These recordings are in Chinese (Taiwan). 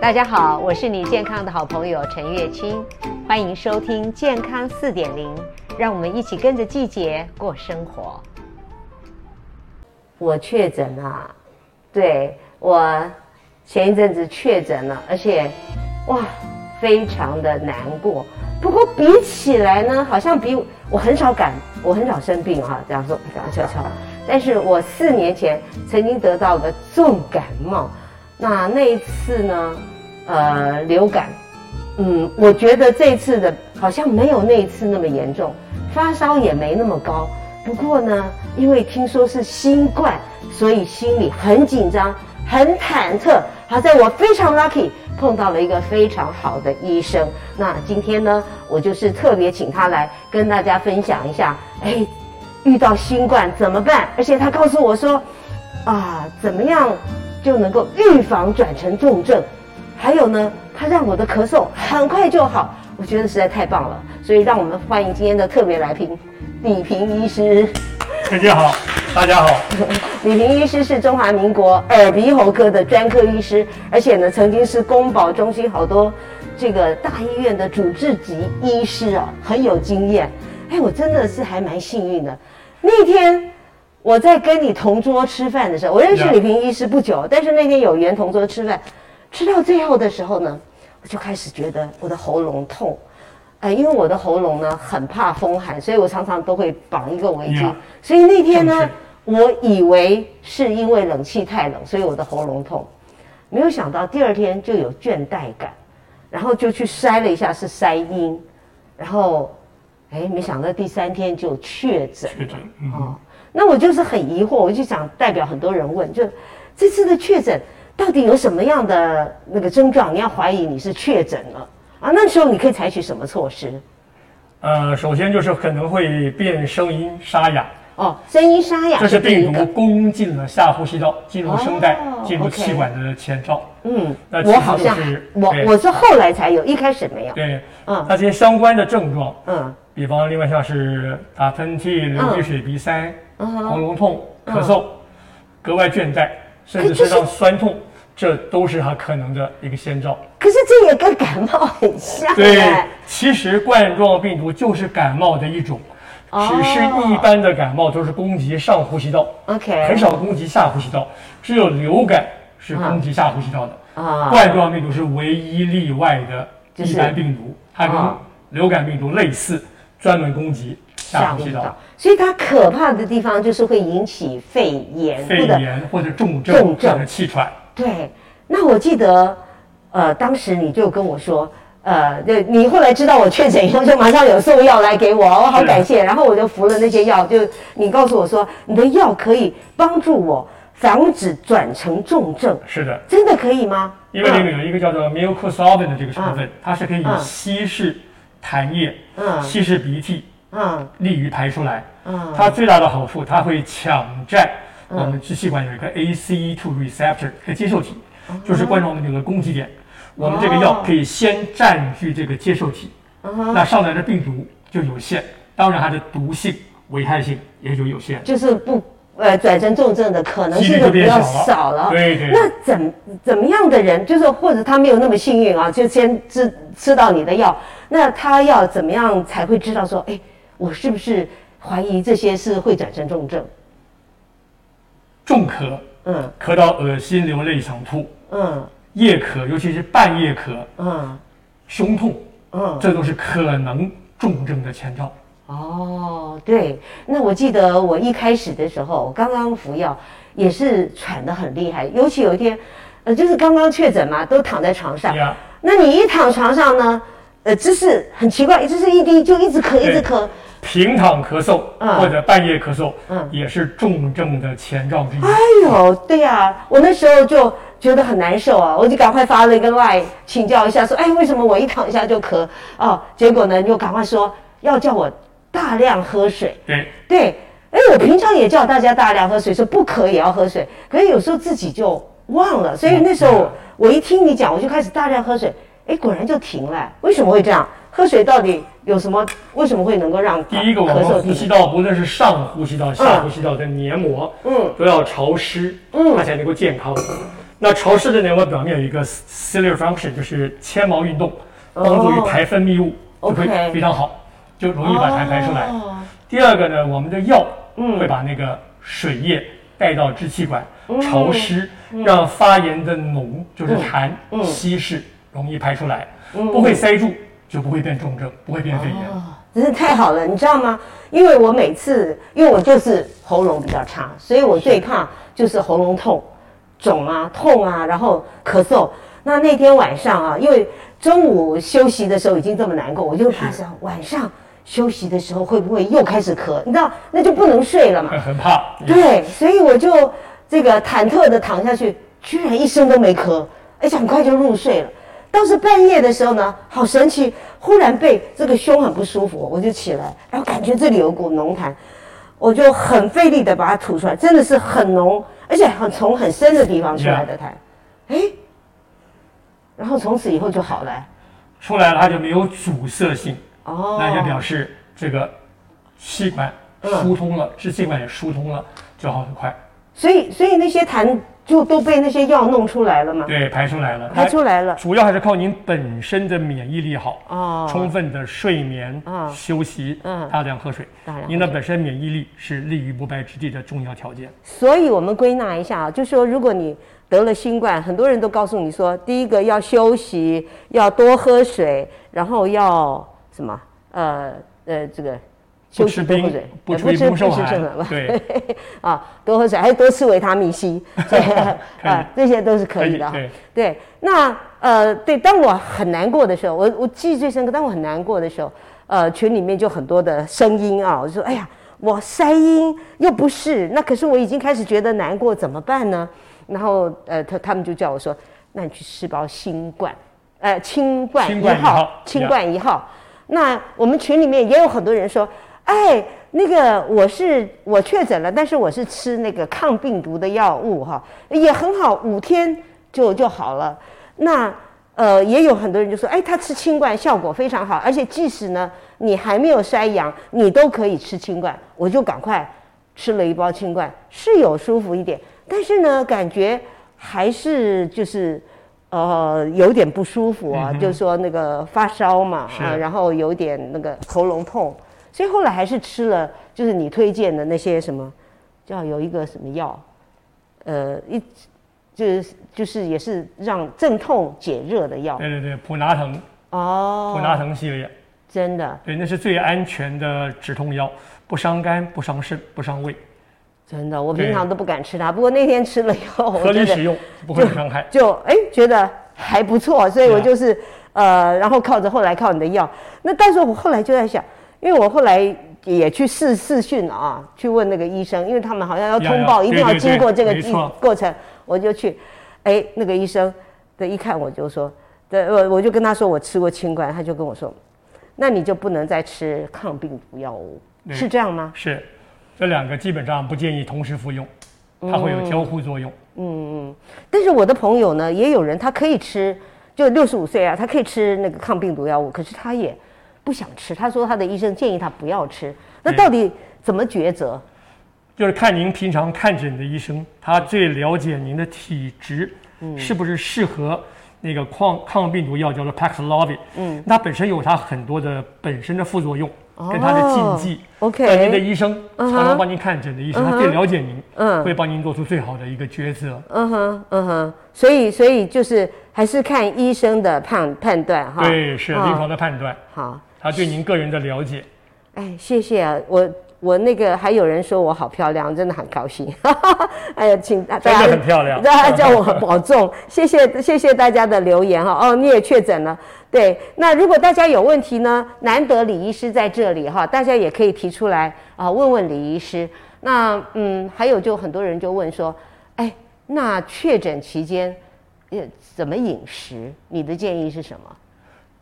大家好，我是你健康的好朋友陳月卿，歡迎收聽《健康四點零》，讓我們一起跟着季節過生活。我確診了，對，我前一陣子確診了，而且哇，非常的難過。不過比起來呢，好像比我很少感，我很少生病哈、啊，這樣說悄悄。但是我四年前曾經得到個重感冒。那那一次呢，呃，流感，嗯，我覺得這次的好像沒有那一次那麼嚴重，發燒也沒那麼高。不過呢，因為聽說是新冠，所以心裡很緊張，很忐忑。好在我非常 lucky，碰到了一個非常好的醫生。那今天呢，我就是特別請他來跟大家分享一下，哎，遇到新冠怎麼辦？而且他告訴我說，啊，怎麼樣？就能夠預防轉成重症，還有呢，它讓我的咳嗽很快就好，我覺得實在太棒了。所以讓我們歡迎今天的特別來賓李平醫師。陳姐好，大家好。李平醫師是中華民國耳鼻喉科的專科醫師，而且呢，曾經是公保中心好多這個大醫院的主治級醫師啊，很有經驗。哎，我真的是還蠻幸運的，那天。我在跟你同桌吃飯的時候，我認識李平醫師不久，Yeah. 但是那天有緣同桌吃飯，吃到最後的時候呢，我就開始覺得我的喉嚨痛，哎，因為我的喉嚨呢很怕風寒，所以我常常都會綁一個圍巾。Yeah. 所以那天呢，確我以為是因為冷氣太冷，所以我的喉嚨痛，沒有想到第二天就有倦怠感，然後就去篩了一下，是篩陰，然後，哎，沒想到第三天就確診，確診，嗯嗯那我就是很疑惑，我就想代表很多人問，就這次的確診到底有什麼樣的那個症狀？你要懷疑你是確診了啊，那時候你可以採取什麼措施？呃，首先就是可能會變聲音沙啞哦，聲音沙啞，這是病毒攻進了下呼吸道，進入聲帶，進入氣管的前兆。嗯，那我好像是我我是後來才有，一開始沒有。對，啊，那些相關的症狀，嗯，比方另外像是打噴嚏、流鼻水、鼻塞。喉嚨痛、咳、uh huh. uh huh. 嗽、uh huh. 格外倦怠，是是甚至身上酸痛，這都是它可能的一個先兆。可是這也跟感冒很像。對，其實冠狀病毒就是感冒的一種，uh huh. 只是一般的感冒都是攻擊上呼吸道，OK，很少攻擊下呼吸道，只有流感是攻擊下呼吸道的。Uh huh. uh huh. 冠狀病毒是唯一例外的一般病毒，uh huh. 它跟流感病毒類似，uh huh. 專門攻擊下呼吸道。所以它可怕的地方就是會引起肺炎，肺炎或者重症、重症、重症氣喘。對，那我記得，呃，當時你就跟我說，呃，就你後來知道我確診以後，就馬上有送藥來給我，我好感謝。的然後我就服了那些藥，就你告訴我說，你的藥可以幫助我防止轉成重症。是的。真的可以嗎？因為那個有一個叫做 Mucosolvan 的這個成分，嗯、它是可以稀釋痰液，稀釋、嗯、鼻涕。嗯嗯，uh, 利於排出來。嗯，uh, uh, 它最大的好處，它會搶占。我們支氣管有一個 ACE2 receptor 一個接受體，uh huh. 就是觀眾我們這個攻擊點。Uh huh. 我們這個藥可以先占據這個接受體。哦、uh，huh. 那上來的病毒就有限。當然，它的毒性危害性也就有限。就是不，呃，轉成重症的可能性就比較少了。對對。那怎怎麼樣的人，就是或者他沒有那麼幸運啊，就先吃吃到你的藥，那他要怎麼樣才會知道說，哎？我是不是懷疑這些是會轉成重症？重咳，嗯，咳到噁心、流淚、想吐，嗯，夜咳，尤其是半夜咳，嗯，胸痛，嗯，這都是可能重症的前兆。哦，對，那我記得我一開始的時候，我剛剛服藥也是喘得很厲害，尤其有一天，呃，就是剛剛確診嘛，都躺在床上，Yeah. 那你一躺床上呢，呃，姿勢很奇怪，姿勢一滴就一直咳，對一直咳。平躺咳嗽，或者半夜咳嗽，也是重症的前兆之一。嗯嗯。哎呦，對呀，啊，我那時候就覺得很難受，啊，我就趕快發了一個 LINE 請教一下，說，哎，為什麼我一躺一下就咳？哦，結果呢，又趕快說要叫我大量喝水。對，對，哎，我平常也叫大家大量喝水，說不渴也要喝水，可是有時候自己就忘了，所以那時候我一聽你講，我就開始大量喝水。哎，果然就停了。為什麼會這樣？喝水到底有什麼？為什麼會能夠讓？第一個，我們的呼吸道，不論是上呼吸道、下呼吸道的黏膜，嗯，都要潮濕，嗯，它才能夠健康。那潮濕的黏膜表面有一個 ciliary function，就是纖毛運動，幫助於排分泌物，就會非常好，就容易把痰排出來。第二個呢，我們的藥會把那個水液帶到支氣管，潮濕，讓發炎的膿，就是痰，稀釋。容易排出來，嗯、不會塞住，嗯、就不會變重症，哦、不會變肺炎，真是太好了。你知道嗎？因為我每次，因為我就是喉嚨比較差，所以我最怕就是喉嚨痛、是腫啊、痛啊，然後咳嗽。那那天晚上啊，因為中午休息的時候已經這麼難過，我就怕是晚上休息的時候會不會又開始咳，你知道，那就不能睡了嘛。很,很怕，對，嗯、所以我就這個忐忑地躺下去，居然一聲都沒咳，而且很快就入睡了。倒是半夜的時候呢，好神奇，忽然被這個胸很不舒服，我就起來，然後感覺這裡有股濃痰，我就很費力的把它吐出來，真的是很濃，而且很從很深的地方出來的痰，哎，然後從此以後就好了，出來了，它就沒有阻塞性，哦。那就表示這個氣管疏通了，支、嗯、氣管也疏通了，就好很快。所以，所以那些痰就都被那些藥弄出來了嘛？對，排、排出來了，排出來了。主要還是靠您本身的免疫力好，啊、哦、充分的睡眠，啊、哦，休息，嗯，大量喝水。大量您的本身免疫力是立於不敗之地的重要條件。所以我們歸納一下啊，就說如果你得了新冠，很多人都告訴你說，第一個要休息，要多喝水，然後要什麼？呃，呃，這個。不是多不吃不吃熱的，對，啊，多喝水，還多吃維他命 C，對，啊，這些都是可以的，對。那呃，對，當我很難過的時候，我我記憶最深刻。當我很難過的時候，呃，群裡面就很多的聲音啊，我說，哎呀，我塞音又不是，那可是我已經開始覺得難過，怎麼辦呢？然後呃，他他們就叫我說，那你去吃包新冠，呃，清冠一號，清冠一號。那我們群裡面也有很多人說。哎，那個我是我確診了，但是我是吃那個抗病毒的藥物哈，也很好，五天就就好了。那呃，也有很多人就說，哎，他吃清冠效果非常好，而且即使呢你還沒有篩陽，你都可以吃清冠。我就趕快吃了一包清冠，是有舒服一點，但是呢，感覺還是就是呃有點不舒服啊，嗯、哼就是說那個發燒嘛是啊，然後有點那個喉嚨痛。所以後來還是吃了，就是你推薦的那些什麼，叫有一個什麼藥，呃，一就是就是也是讓鎮痛解熱的藥。對對對，普拿疼。哦。普拿疼系列。真的。對，那是最安全的止痛藥，不傷肝，不傷腎，不傷胃。真的，我平常都不敢吃它。對不過那天吃了以後，合理使用就不會有傷害。就哎，覺得還不錯，所以我就是唉呃，然後靠着後來靠你的藥，那但是我後來就在想。因為我後來也去視視訊啊，去問那個醫生，因為他們好像要通報，要要一定要經過這個對對對過程。沒錯。我就去，哎，那個醫生，這一看我就說，這我我就跟他說我吃過清冠，他就跟我說，那你就不能再吃抗病毒藥物，對，是這樣嗎？是，這兩個基本上不建議同時服用，它會有交互作用。嗯嗯嗯。但是我的朋友呢，也有人他可以吃，就六十五歲啊，他可以吃那個抗病毒藥物，可是他也。不想吃，他說他的醫生建議他不要吃。嗯、那到底怎麼抉擇？就是看您平常看診的醫生，他最了解您的體質，嗯，是不是適合那個抗抗病毒藥叫做 Paxlovid？嗯，它本身有它很多的本身的副作用，跟它的禁忌。Oh, OK，您的醫生、uh huh. 常常幫您看診的醫生，uh huh. 他最了解您，嗯、uh，huh. 會幫您做出最好的一個抉擇。嗯哼、uh，嗯、huh. 哼、uh，huh. 所以所以就是還是看醫生的判判斷哈。對，uh huh. 是臨床的判斷。好、uh。Huh. 他對您個人的了解，哎，謝謝啊，我我那個還有人說我好漂亮，真的很高興。 哎呀，請大家很漂亮，大家叫我保重， 謝謝謝謝大家的留言哈。哦，你也確診了，對。那如果大家有問題呢？難得李醫師在這裡哈，大家也可以提出來啊，問問李醫師。那嗯，還有就很多人就問說，哎，那確診期間也怎麼飲食？你的建議是什麼？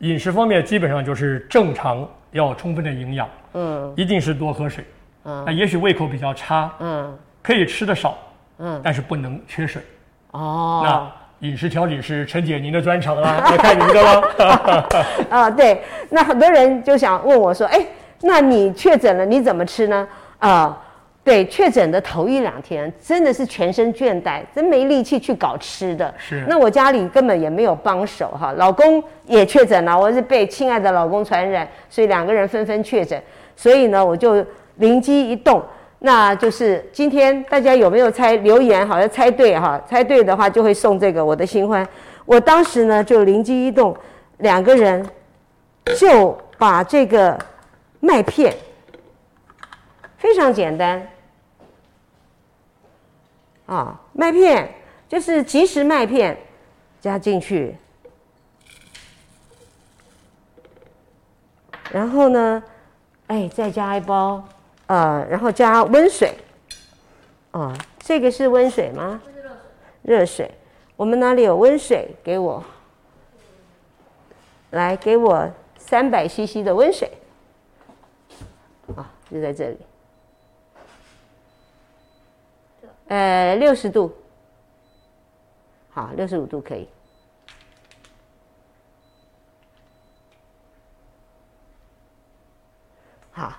飲食方面基本上就是正常，要充分的營養。嗯，一定是多喝水。嗯，那也許胃口比較差。嗯，可以吃得少。嗯，但是不能缺水。哦，那飲食調理是陳姐您的專長了、啊，也 看您的了。啊、 呃，對，那很多人就想問我說，誒，那你確診了，你怎麼吃呢？啊、呃。對，確診的頭一兩天真的是全身倦怠，真沒力氣去搞吃的。是，那我家裡根本也沒有幫手哈，老公也確診了，我是被親愛的老公傳染，所以兩個人紛紛確診。所以呢，我就靈機一動，那就是今天大家有沒有猜留言？好像猜對哈，猜對的話就會送這個我的新歡。我當時呢就靈機一動，兩個人就把這個麥片非常簡單。啊，麥片就是即食麥片，加進去。然後呢，哎、欸，再加一包，呃，然後加溫水。啊、哦，這個是溫水嗎？熱。熱水。我們哪裡有溫水？給我。嗯、來，給我三百 CC 的溫水。啊、哦，就在這裡。呃，六十度，好，六十五度可以。好，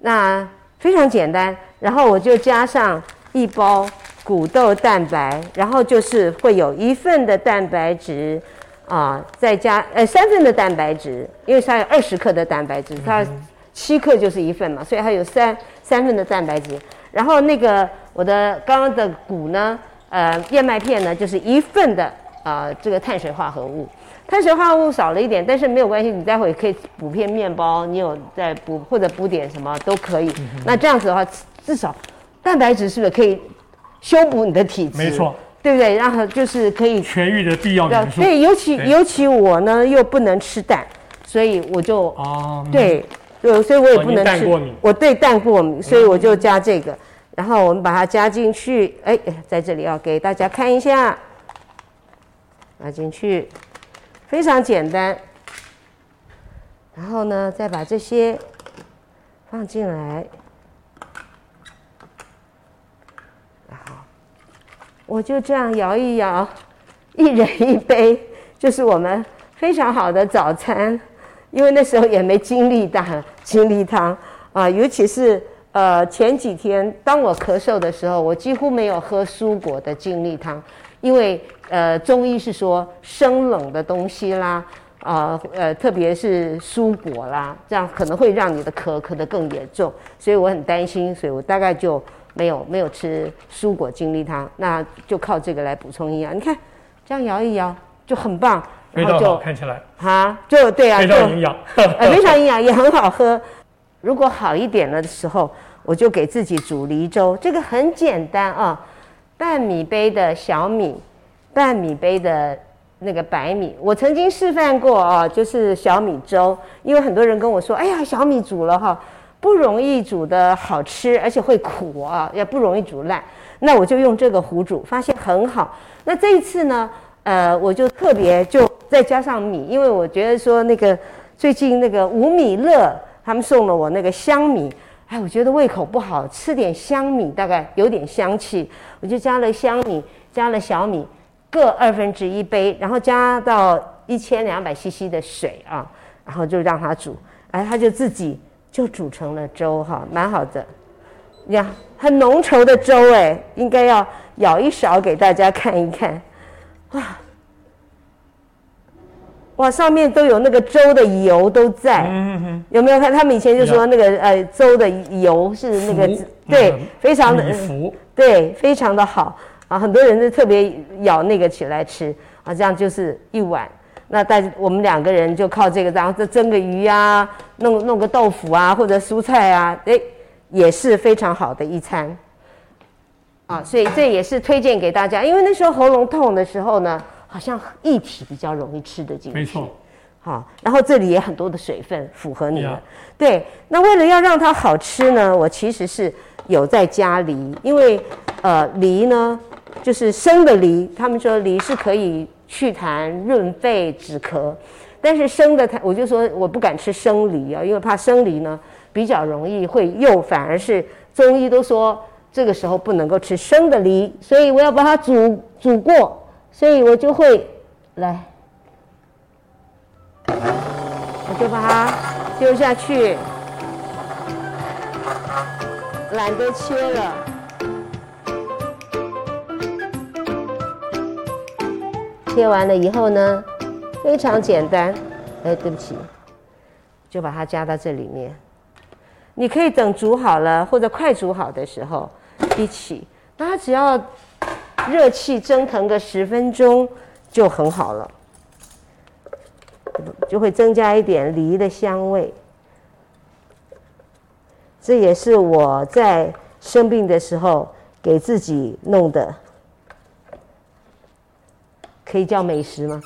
那非常簡單。然後我就加上一包穀豆蛋白，然後就是會有一份的蛋白質啊、呃，再加呃三份的蛋白質，因為它有二十克的蛋白質，它七克就是一份嘛，所以它有三三份的蛋白質。然後那個。我的剛剛的谷呢，呃，燕麥片呢，就是一份的啊、呃，這個碳水化合物，碳水化合物少了一點，但是沒有關係，你待會可以補片麵包，你有再補或者補點什麼都可以。嗯、哼那這樣子的話，至少蛋白質是不是可以修補你的體質？沒錯，對不對？然後就是可以痊癒的必要因素。對，尤其對尤其我呢又不能吃蛋，所以我就對、嗯、對，所以我也不能吃。呃、你蛋過敏我對蛋過敏，所以我就加這個。然後我們把它加進去，哎，在這裡要給大家看一下，加進去，非常簡單。然後呢，再把這些放進來。然後我就這樣搖一搖，一人一杯，就是我們非常好的早餐。因為那時候也沒精力打精力湯啊，尤其是。呃，前幾天當我咳嗽的時候，我幾乎沒有喝蔬果的精力湯，因為呃，中醫是說生冷的東西啦，啊呃，呃，特別是蔬果啦，這樣可能會讓你的咳咳得更嚴重，所以我很擔心，所以我大概就沒有沒有吃蔬果精力湯，那就靠這個來補充營養。你看，這樣搖一搖就很棒，然後就，看起來，哈、啊，就對啊，非常營養，呃，非常營養也很好喝。 如果好一點了的時候，我就給自己煮梨粥。這個很簡單啊，半米杯的小米，半米杯的那個白米。我曾經示範過啊，就是小米粥。因為很多人跟我說，哎呀，小米煮了哈，不容易煮得好吃，而且會苦啊，也不容易煮爛。那我就用這個壺煮，發現很好。那這一次呢，呃，我就特別就再加上米，因為我覺得說那個最近那個五米熱。他們送了我那個香米，哎，我覺得胃口不好，吃點香米大概有點香氣，我就加了香米，加了小米各二分之一杯，然後加到一千兩百 CC 的水啊，然後就讓它煮，哎，它就自己就煮成了粥哈，蠻好的，呀，很濃稠的粥哎，應該要舀一勺給大家看一看，哇！哇，上面都有那個粥的油都在，嗯、哼哼有沒有看？看他們以前就說那個有呃粥的油是那個服對，非常的、嗯、對，非常的好啊，很多人就特別舀那個起來吃啊，這樣就是一碗。那但是我們兩個人就靠這個，然後再蒸個魚啊，弄弄個豆腐啊或者蔬菜啊，哎，也是非常好的一餐啊。所以這也是推薦給大家，因為那時候喉嚨痛的時候呢。好像液體比較容易吃得進去，沒錯。好，然後這裡也很多的水分，符合你的。對，那為了要讓它好吃呢，我其實是有在加梨，因為呃，梨呢就是生的梨，他們說梨是可以去痰、潤肺、止咳。但是生的它，我就說我不敢吃生梨啊，因為怕生梨呢比較容易會又反而是中醫都說這個時候不能夠吃生的梨，所以我要把它煮煮過。所以我就會來，我就把它丟下去，懶得切了。切完了以後呢，非常簡單。哎，對不起，就把它加到這裡面。你可以等煮好了或者快煮好的時候一起。那它只要。熱氣蒸騰個十分鐘就很好了，就會增加一點梨的香味。這也是我在生病的時候給自己弄的，可以叫美食嗎？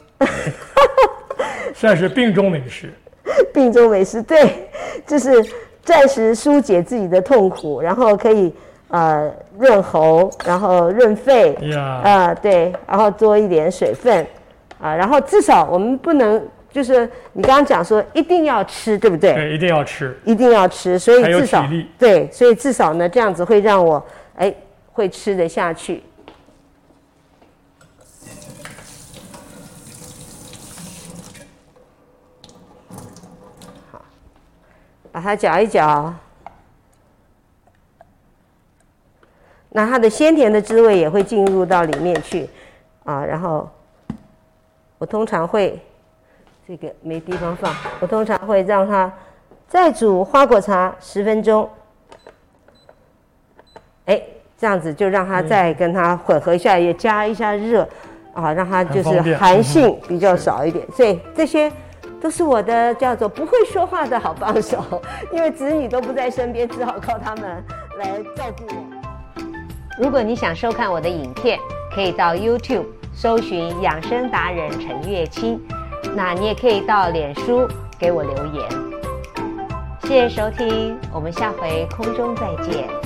算是病中美食。 病中美食，對，就是暫時疏解自己的痛苦，然後可以。呃，潤喉，然後潤肺，Yeah. 呃，對，然後多一點水分，啊、呃，然後至少我們不能，就是你剛剛講說一定要吃，對不對？對，一定要吃，一定要吃，所以至少，對，所以至少呢，這樣子會讓我，哎，會吃得下去。好，把它攪一攪。那它的鮮甜的滋味也會進入到裡面去，啊，然後我通常會這個沒地方放，我通常會讓它再煮花果茶十分鐘，哎，這樣子就讓它再跟它混合一下，也加一下熱，啊，讓它就是寒性比較少一點。所以這些都是我的叫做不會說話的好幫手，因為子女都不在身邊，只好靠他們來照顧我。如果你想收看我的影片，可以到 YouTube 搜尋“養生達人陳月卿”，那你也可以到臉書給我留言。謝謝收聽，我們下回空中再見。